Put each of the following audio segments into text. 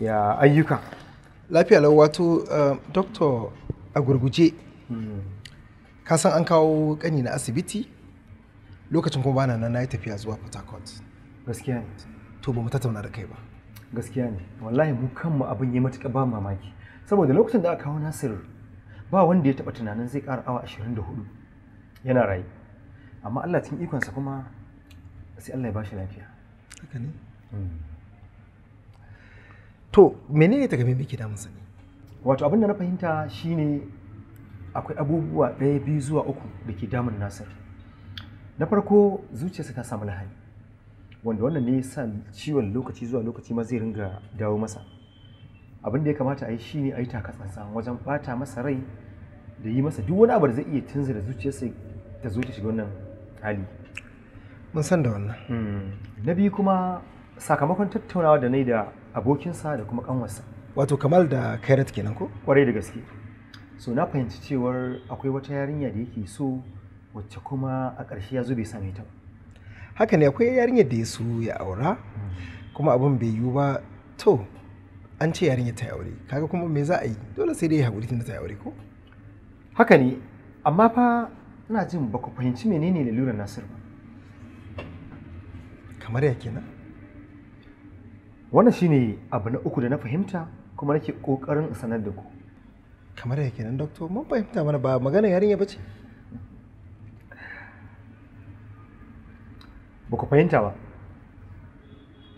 ya ayyuka lafiya lau wato eh, doctor a gurguje hmm. ka san an kawo kani na asibiti lokacin kuma bana nan na yi tafiya zuwa port harcourt gaskiya ne to ba mu tattauna da kai ba gaskiya ne wallahi mu kanmu abin ya matuka ba mamaki saboda lokacin da aka kawo nasir ba wanda ya taba tunanin zai kara awa 24 yana rayu amma allah cikin ikonsa kuma sai allah ya ba shi lafiya hmm. to menene ta game muke damun sani wato abin da na fahimta shine akwai abubuwa ɗaya biyu zuwa uku da ke damun nasir na farko zuciyarsa ta samu lahani wanda wannan ne sa ciwon lokaci zuwa lokaci ma zai ringa dawo masa abin da ya kamata a yi shine a yi takatsantsa wajen bata masa rai da yi masa duk wani abu da zai iya tunzura zuciyarsa ta zo ta shiga wannan hali mun san da wannan hmm. na biyu kuma sakamakon tattaunawa da nai da abokinsa da kuma kanwarsa wato kamal da kairat kenan ko kwarai da gaske so na fahimci cewar akwai wata yarinya da yake so wacce kuma a ƙarshe ya zo bai same ta haka ne akwai yarinya da ya so ya aura hmm. kuma abin bai yiwu ba to an ce yarinya ta aure kaga kuma me za a yi dole sai dai haƙuri tunda ta aure ko haka ne amma fa ina jin ba fahimci menene lalurar Nasiru ba kamar ya kenan wannan shine abu na uku da na fahimta kuma nake kokarin sanar da ku kamar da nan doctor mun fahimta mana ba magana yarinya bace ba ku fahimta ba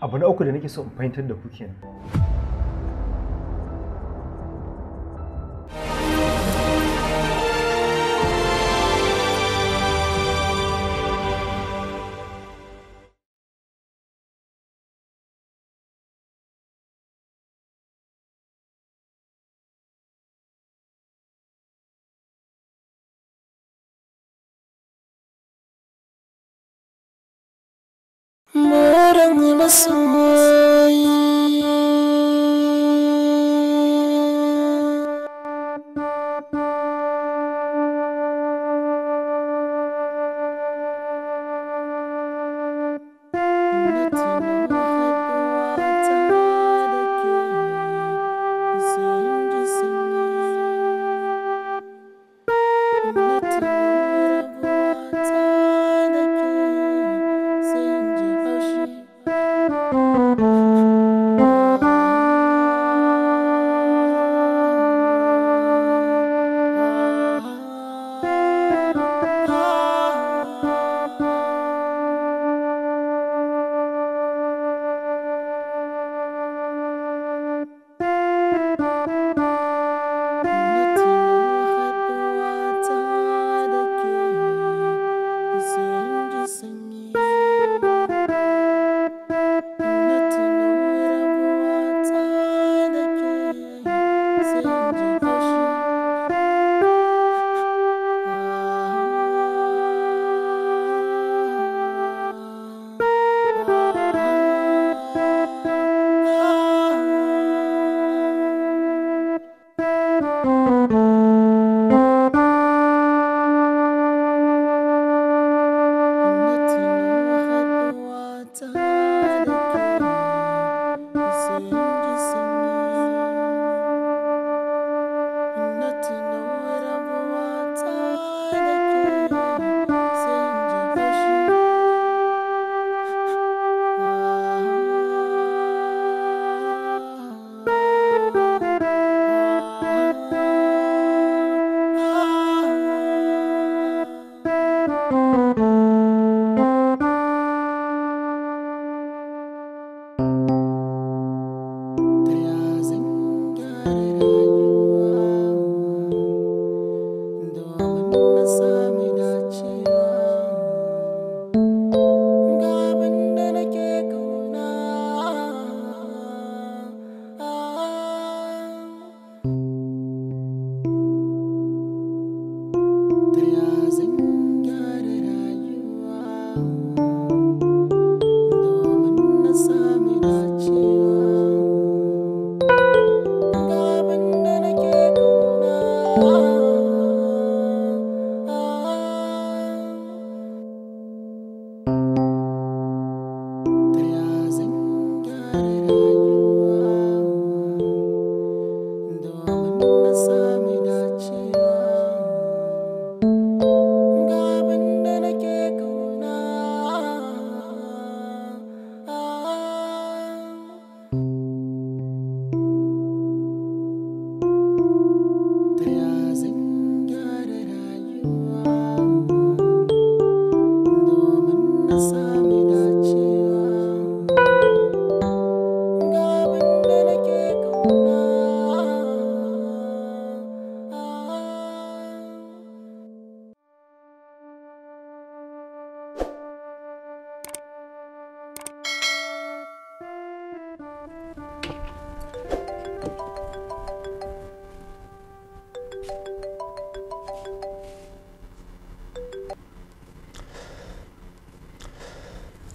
abu na uku da nake so in fahimtar da ku kenan Rasul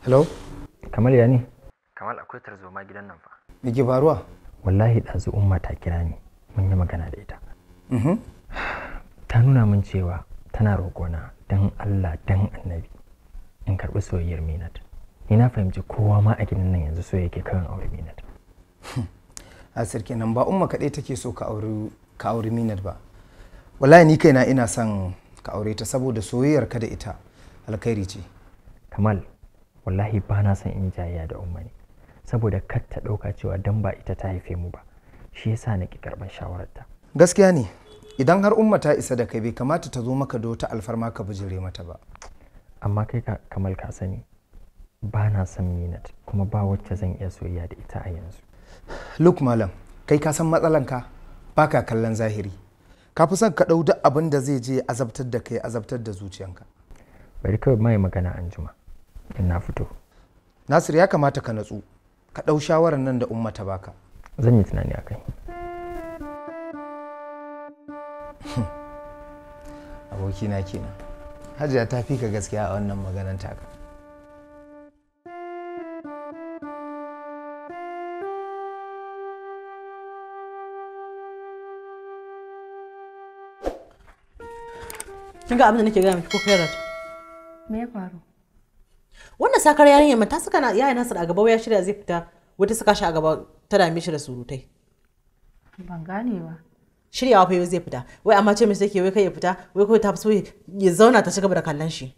hello kamar ya ne kamar akwai tarzoma gidan nan fa me ke faruwa wallahi ɗazu umma ta kira ni mun yi magana da ita mm-hmm. ta nuna min cewa tana roƙona don allah don annabi in karɓi soyayyar minat ni na fahimci kowa ma a gidan nan yanzu so yake kan aure minat hmm. a sarki nan ba umma kaɗai take so ka aure auri minat ba wallahi ni kaina ina son ka aure ta saboda soyayyar ka da ita alkhairi ce kamal wallahi ba na son in jayya da umma ne saboda kar ta ɗauka cewa dan ba ita ta haife mu ba shi yasa na ki karɓar shawararta gaskiya ne idan har umma ta isa da kai bai kamata ta zo maka da wata alfarma ka bijire mata ba amma kai ka kamal ka sani ba na son minat kuma ba wacce zan iya soyayya da ita a yanzu look malam kai ka san matsalanka ba ka kallon zahiri ka fi son ka ɗau duk abin da zai je azabtar da kai azabtar da zuciyanka bari kawai mai magana anjima in na fito nasir ya kamata ka natsu ka ɗau shawarar nan da umma ta baka zan yi tunani a kai abokina kenan hajiya ta fi gaskiya a wannan maganar taka kin ga abin da nake gaya miki ko kai me ya faru wannan sakar yarinyar mata suka na yaya Nasir a gaba ya shirya zai fita wata suka shi a gaba ta dame shi da surutai ban gane ba shiryawa fa zai fita wai amma ce mishi take wai kai ya fita wai kai ta so ya zauna ta cigaba da kallon shi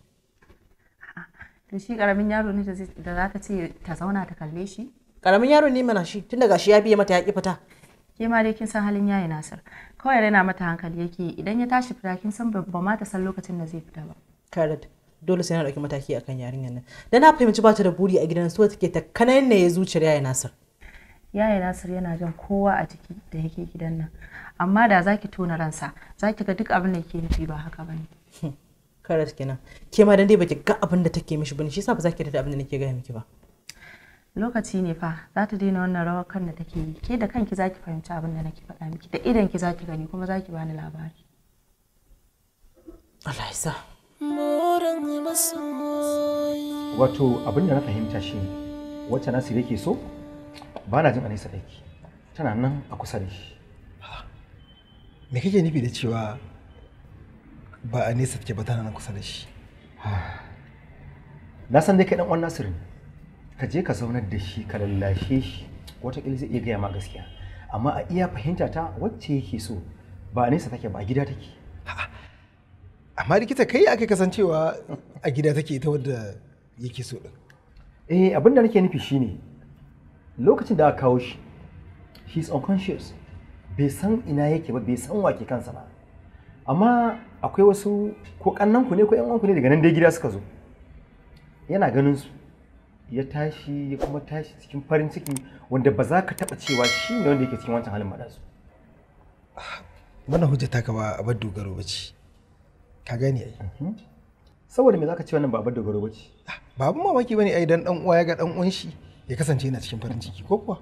to shi karamin yaro ne da za ta ce ta zauna ta kalle shi karamin yaro ne mana shi tun daga shi ya biye mata ya ki fita ke ma dai kin san halin yayi Nasir kawai yana mata hankali yake idan ya tashi fita kin san ba ma ta san lokacin da zai fita ba correct dole sai na dauki mataki akan yarinyar nan da na fahimci ba ta da buri a gidan su take ta kanan ne ya zuciyar yaya Nasir yaya Nasir yana jan kowa a jiki da yake gidan nan amma da zaki tona ransa zaki ga duk abin da yake nufi ba haka bane hmm. karas kenan ke ma dan dai baki ga abin da take mishi bane shi yasa ba zaki da abin da nake gaya miki ba lokaci ne fa za ta daina wannan rawar kan da take yi ke da kanki zaki fahimci abin da nake faɗa miki da idan ki zaki gani kuma zaki bani labari Allah ya wato abin da na fahimta shi wacce nasir yake so ba na jin anisa aiki tana nan a kusa da shi me kake nufi da cewa ba a nesa take ba tana nan kusa da shi na san dai kai dan Nasiru ka je ka zaunar da shi ka lallashe shi wataƙila zai iya gaya ma gaskiya amma a iya fahimta ta wacce yake so ba a nesa take ba a gida take amma rikita kai aka kasancewa a gida take ita wadda yake so din eh abin da nake nufi shine lokacin da aka kawo shi he is unconscious bai san ina yake ba bai san wake kansa ba amma akwai wasu ko kannan ku ne ko yan ku ne daga nan dai gida suka zo yana ganin su ya tashi ya kuma tashi cikin farin ciki wanda ba za ka taba cewa shi ne wanda yake cikin wancan halin madasu mana hujja ta a bar dogaro ba ce ka gani ai mhm. saboda me zaka ce wannan babar dogaro bace ah, babu mamaki bane ai dan dan uwa ya ga dan uwan shi ya kasance yana cikin farin ciki ko kuwa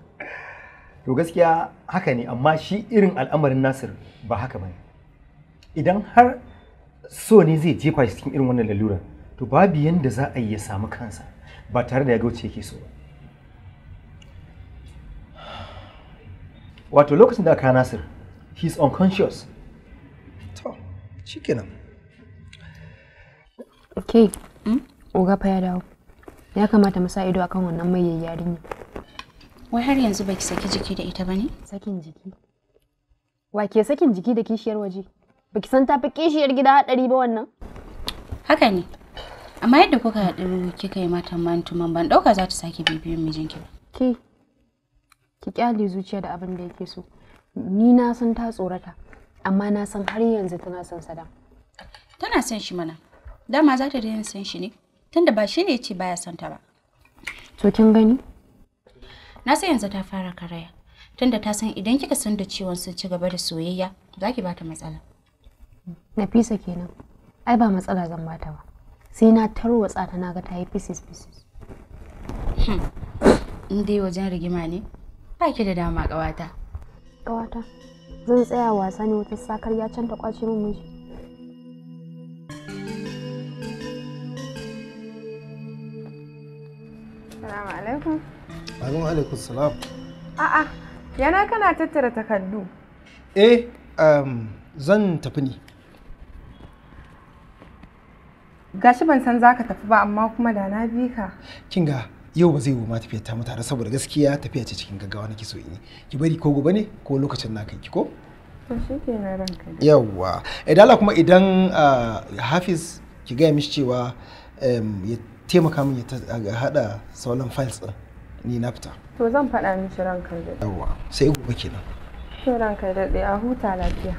to gaskiya haka ne amma shi irin al'amarin Nasir ba haka bane idan har so ne zai jefa shi cikin irin wannan lalura to babu yanda za a yi ya samu kansa ba tare da ya gauce yake so ba wato lokacin da aka Nasir is unconscious to shikenan okay hmm? oga fa ya dawo. Ya kamata mu sa ido akan wannan mai yarinya. Wai har yanzu baki saki jiki da ita bane? Sakin jiki. Wa ke sakin jiki da kishiyar waje? Baki san ta fi kishiyar gida hadari ba wannan? Haka ne. Amma yadda kuka haɗu kika yi mata mantuman ban ɗauka za ta sake bibiyan mijinki ba. Ke, ki kyale zuciya da abin da yake so. Ni na san ta tsorata, amma na san har yanzu tana son Sadam. Tana son shi mana. dama za ta daina san shi ne tunda ba shi ne ya ce baya son ta ba to kin gani na san yanzu ta fara karaya tunda ta san idan kika san da ciwon sun ci gaba da soyayya za ki bata matsala nafisa kenan ai ba matsala zan bata ba sai na tarwatsa ta ga ta yi pieces pieces hmm. in dai wajen rigima ne ba ki da dama ƙawata ƙawata zan tsaya wasa ne wata sakar ya canta kwace min miji alaikum. Alaikum alaikum salam. A'a, yana kana tattara takardu. Eh, um, zan tafi ne. Gashi ban san za ka tafi ba amma kuma da na bi ka. Kinga yau ba zai yiwu ma tafiyar ta mutare saboda gaskiya tafiya ce cikin gaggawa nake so in yi. Ki bari ko gobe ne ko lokacin na kai ki ko? To shi ke na ranka. Yawwa. Eh, dala kuma idan ah, Hafiz ki gaya mishi cewa um, ya taimaka min ya hada sauran files din ni na fita to zan faɗa shirin ranka da yawa sai gobe kenan to ranka da a huta lafiya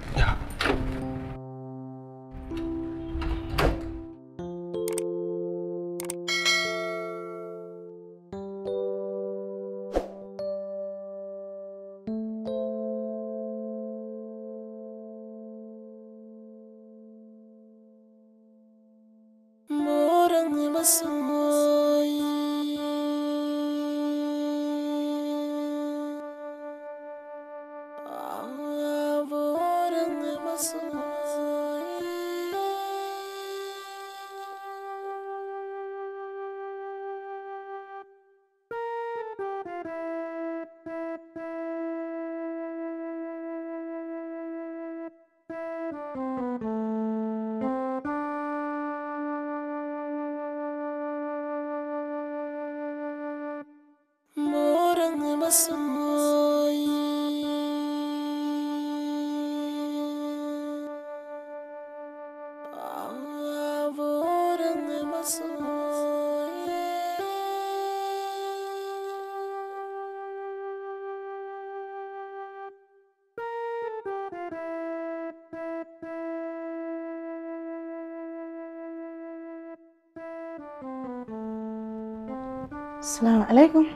Assalamu alaikum.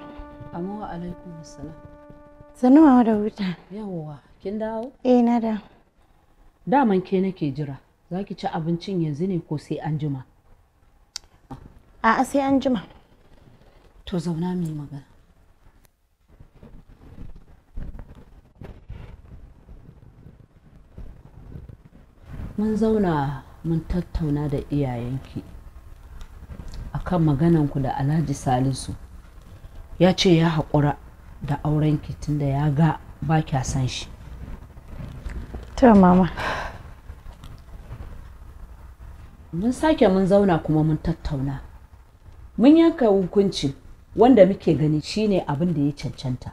Amma wa alaikum assalam. Sannuwa da wuta. Yawwa, kin dawo? Eh na da. Daman ke nake jira. Za ki ci abincin yanzu ne ko sai an jima? A'a sai an jima. To zauna mu yi magana. Mun zauna mun tattauna da iyayenki akan magananku da alhaji salisu ya ce ya haƙura da aurenki tunda ya ga ba kya san shi ta mama mun sake mun zauna kuma mun tattauna mun yanka hukunci wanda muke gani shine abin da ya cancanta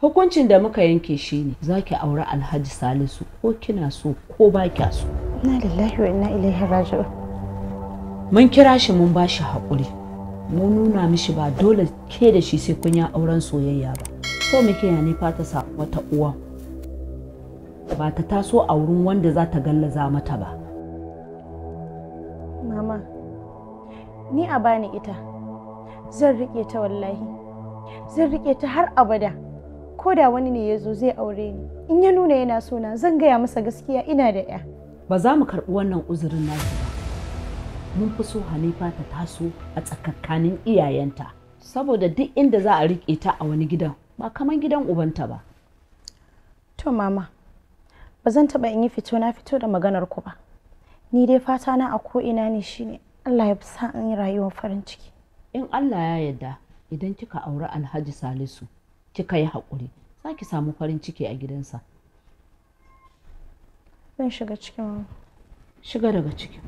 hukuncin da muka yanke shine za ki aure alhaji salisu ko kina so ko ba kya so na lillahi wa inna ilaihi raji'un mun kira shi mun ba shi haƙuri mun nuna mishi ba dole ke da shi sai kun ya auren soyayya ba so muke ya nufa ta sa wata uwa ba ta taso a wurin wanda za ta gallaza mata ba mama ni a bani ita zan riƙe ta wallahi zan riƙe ta har abada ko da wani ne ya zo zai aure ni in ya nuna yana sona zan gaya masa gaskiya ina da 'ya ba za mu karɓi wannan uzurin naki ba mun fi so hanifa ta taso a tsakakkanin iyayenta saboda duk inda za a riƙe ta a wani gidan ba kamar gidan ubanta ba to mama ba zan taɓa in yi fito na fito da maganar ku ba ni dai fata na a ina ne shine allah ya fi sa an yi rayuwar farin ciki in allah ya yarda idan kika auri alhaji salisu kika yi haƙuri za ki samu farin ciki a gidansa zan shiga cikin shiga daga cikin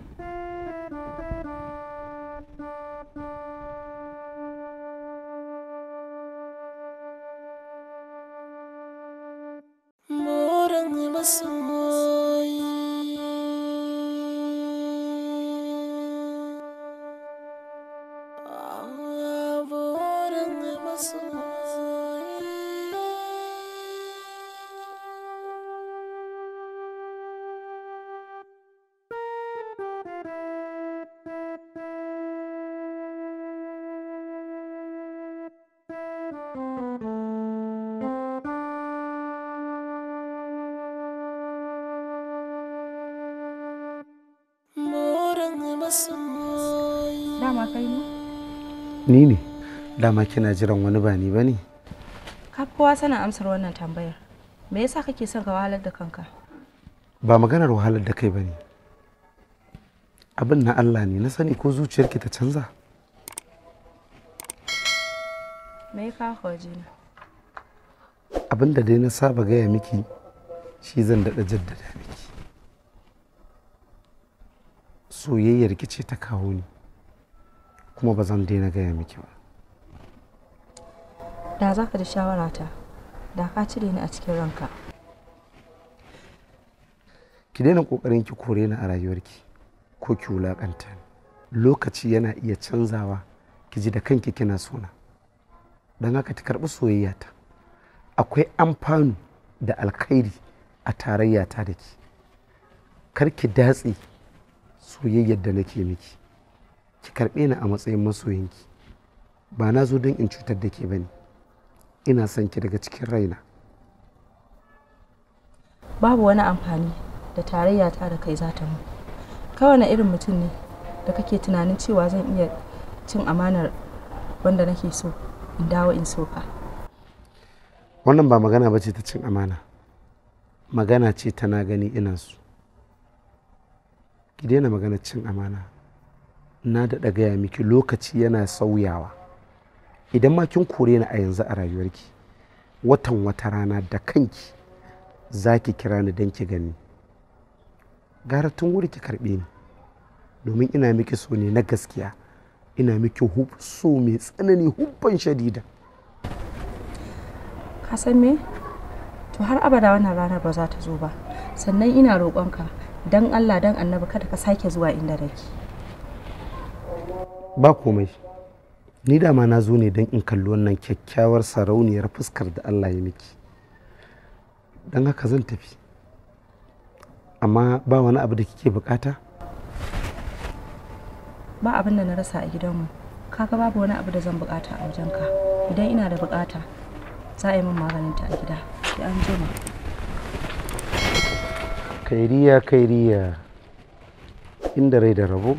kai mu? Ni ne. Dama kina jiran wani ba ni bane. Ka kowa sana amsar wannan tambayar. Me yasa kake son ka wahalar da kanka? Ba maganar wahalar da kai bane. Abin na Allah ne, na sani ko ki ta canza. Me ka na? Abin da dai na saba gaya miki shi zan daɗa jaddada miki. Soyayyar ce ta kawo ni. kuma ba zan daina gaya miki ba da za ka da shawarata da ka cire ni a cikin ranka ki daina ƙoƙarin ki kore ni a rayuwarki ko ki wulaƙanta ni lokaci yana iya canzawa ki ji da kanki kina sona don haka ta karɓi soyayyata akwai amfanu da alkhairi a tarayyata da ki kar ki datse soyayyar da nake miki ki karɓe ni a matsayin masoyinki ba na zo don in cutar da ke ba ne ina son ki daga cikin raina babu wani amfani da tarayya ta da kai za ta mu kawai irin mutum ne da kake tunanin cewa zan iya cin amanar wanda nake so in dawo in so ka wannan ba magana ba ce ta cin amana magana ce ta na gani ina su ki daina magana cin amana na daɗa gaya miki lokaci yana sauyawa idan ma kin kore ni a yanzu a rayuwarki watan wata rana da kanki za ki kira ni don ki gani gara tun wuri ki karɓe ni domin ina miki so ne na gaskiya ina miki so mai tsanani hubban shadida ka me to har abada wannan rana ba za ta zo ba sannan ina roƙonka don allah don annabi kada ka sake zuwa inda nake ba komai ni dama na zo ne don in kalli wannan kyakkyawar sarauniyar fuskar da allah ya miki don haka zan tafi amma ba wani abu da kike bukata ba abin da na rasa a gidanmu kaga babu wani abu da zan bukata a wajenka idan ina da bukata za a yi min maganinta a gida sai an jima kairiya kairiya inda rai da rabo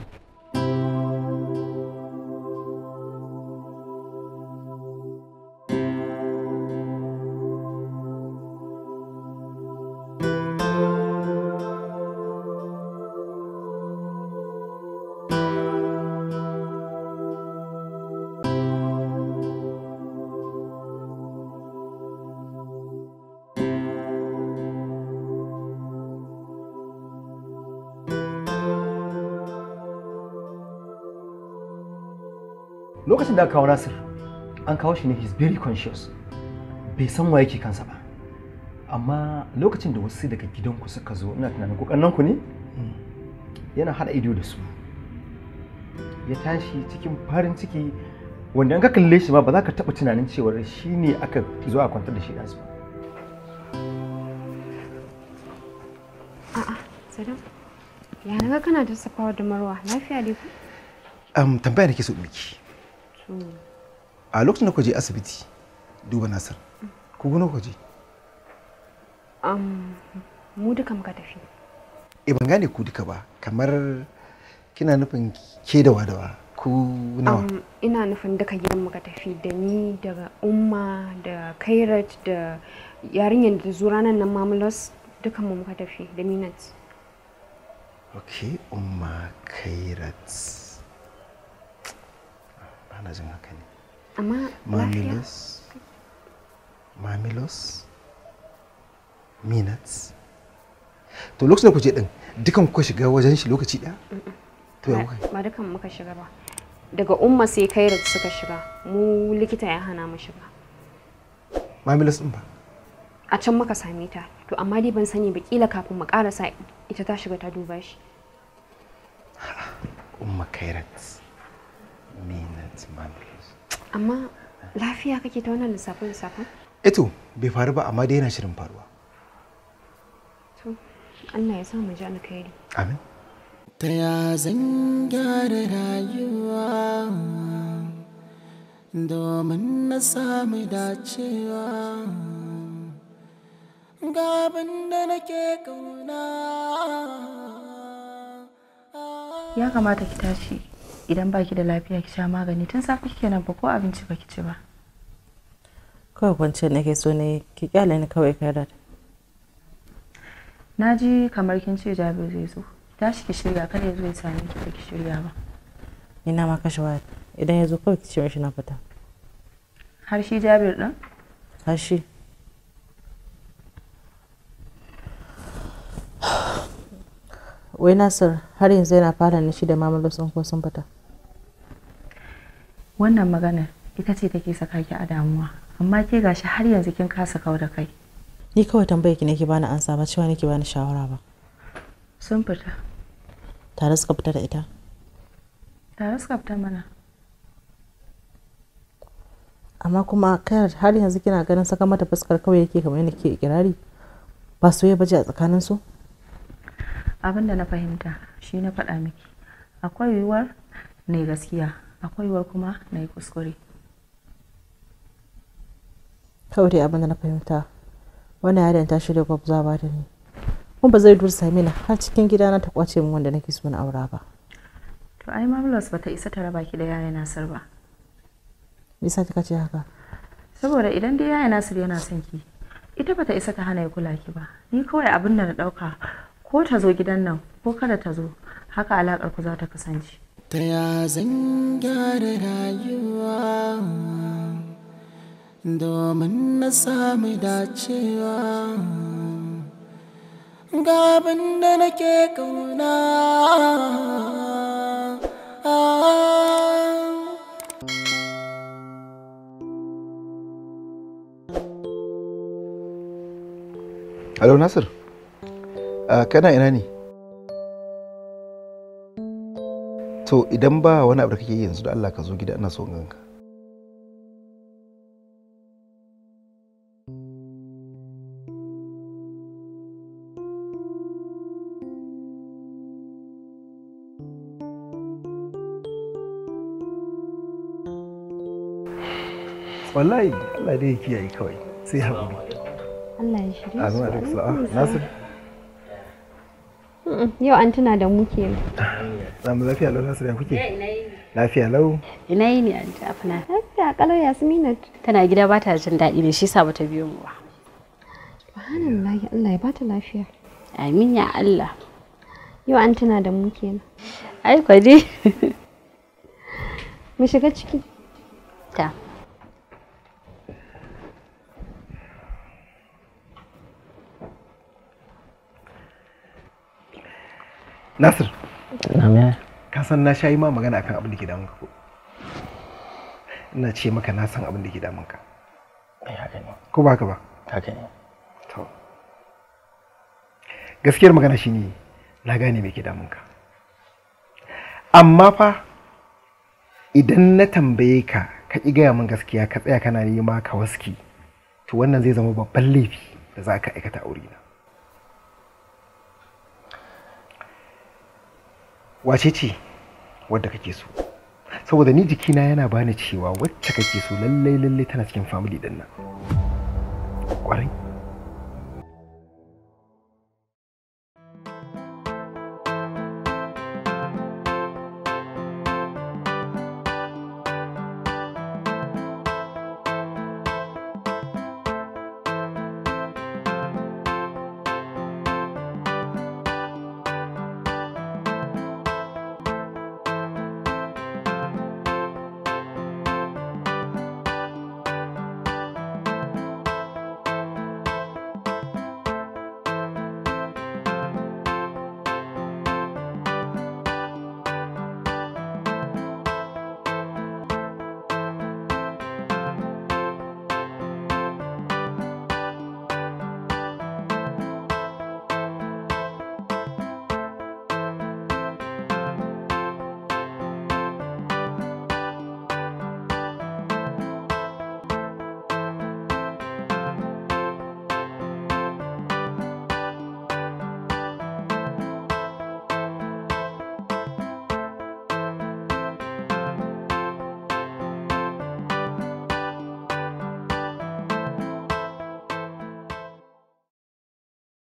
lokacin da aka kawo nasir an kawo shi ne he's very conscious bai san wa yake kansa ba amma lokacin da wasu daga gidanku suka zo ina tunanin kokannan ku ne yana hada ido da su ya tashi cikin farin ciki wanda an ka kalle shi ma ba za ka taba tunanin cewar shi ne aka zo a kwantar da shi ɗansu ba a'a sadam ya naga kana da safawar da marwa lafiya dai ku tambaya tambaya nake so miki a lokacin da kuje asibiti duba nasar ku gano ku je mu duka muka tafi e ban gane ku duka ba kamar kina nufin ke da wadawa ku nawa ina nufin duka gidan muka tafi da ni daga umma da kairat da yarinyar da zura nan nan mamulas dukan mu muka tafi da minat okay umma kairat ana jin haka ne amma mamilos mamilos minats to lokacin da ku je din dukan kuka shiga wajen shi lokaci ɗaya to yau kai. ba dukan muka shiga ba daga umma sai kai da suka shiga mu likita ya hana mu shiga mamilos din ba a can muka same ta to amma dai ban sani ba kila kafin mu karasa ita ta shiga ta duba shi umma kairat minutes ma'am amma lafiya kake ta wannan lissafin lissafin eto eh bai faru ba amma dai yana shirin faruwa to Allah ya sa mu ji alkhairi amin ta ya zan gyara rayuwa domin na samu dacewa ga da nake kauna ya kamata ki tashi idan baki da lafiya ki sha magani tun kike kenan ba ko abinci baki ci ba kawai kwance nake so ne ki kyale ni kawai karar na ji kamar kin ce jabir zai zo tashi ki shirya kada ya zo ya same ki ba ki shirya ba ina ma kashe waya idan ya zo kawai ki ce mishi na fita har shi jabir din har shi wai nasir har yanzu yana fara nishi da sun ko sun fita wannan magana ita ce take saka ki a damuwa amma ke gashi har yanzu kin kasa kau da kai ni kawai tambayar ki ki bani ansa ba cewa nake bani shawara ba sun fita tare suka fita da ita tare suka fita mana amma kuma kayar har yanzu kina ganin saka mata fuskar kawai yake kamar yadda ke kirari ba soyayya baje a tsakanin su abin da na fahimta shi na faɗa miki akwai yiwuwar ne gaskiya akwai wa kuma na yi kuskure kawai dai abin na fahimta wannan yaron ta shirya za ba da ni kuma ba zai dursa mini har cikin gidana ta kwace min wanda nake so na aura ba to ai mamlos ba ta isa ta raba ki da yaya nasir ba me yasa kika haka saboda idan dai yaya nasir yana son ki ita ba ta isa ta hana ya kula ki ba ni kawai abin da na dauka ko ta zo gidan nan ko kada ta zo haka alakar ku za ta kasance ta ya zan gyara rayuwa domin na sami dacewa ga da nake kauna Alo Nasir, ah, kana ina ne? so idan ba wani abu da kake yi yanzu da Allah ka zo gida ina so in ganka wallahi Allah dai ya kiyaye kawai sai haƙuri Allah ya shirye su Amin alaikum sa'a Nasir Yau an tuna da mu ke. Zamu lafiya lau nasu da kuke? Eh, lafiya lau. Ina yi ne an fina. Lafiya kalau Yasmina. Tana gida ba ta jin daɗi ne shi yasa ta biyo mu ba. Subhanallahi Allah ya ba ta lafiya. Amin ya Allah. Yau an tuna da mu kenan. Ai kwade. Mu shiga ciki. Ta. Nasir. Na'am Ka san na shayi ma magana akan abin da ke damun ka ko? Ina ce maka na san abin da ke damun ka. Ai haka ne. Ko ba haka ba? Haka ne. To. Gaskiyar magana shi ne, na gane me ke damun ka. Amma fa idan na tambaye ka ka ki gaya min gaskiya ka tsaya kana nema ka waski to wannan zai zama babban laifi da za ka aikata aure na. wace ce wadda kake so saboda ni jikina yana bani cewa wacce kake so lallai lallai tana cikin family din nan kwarai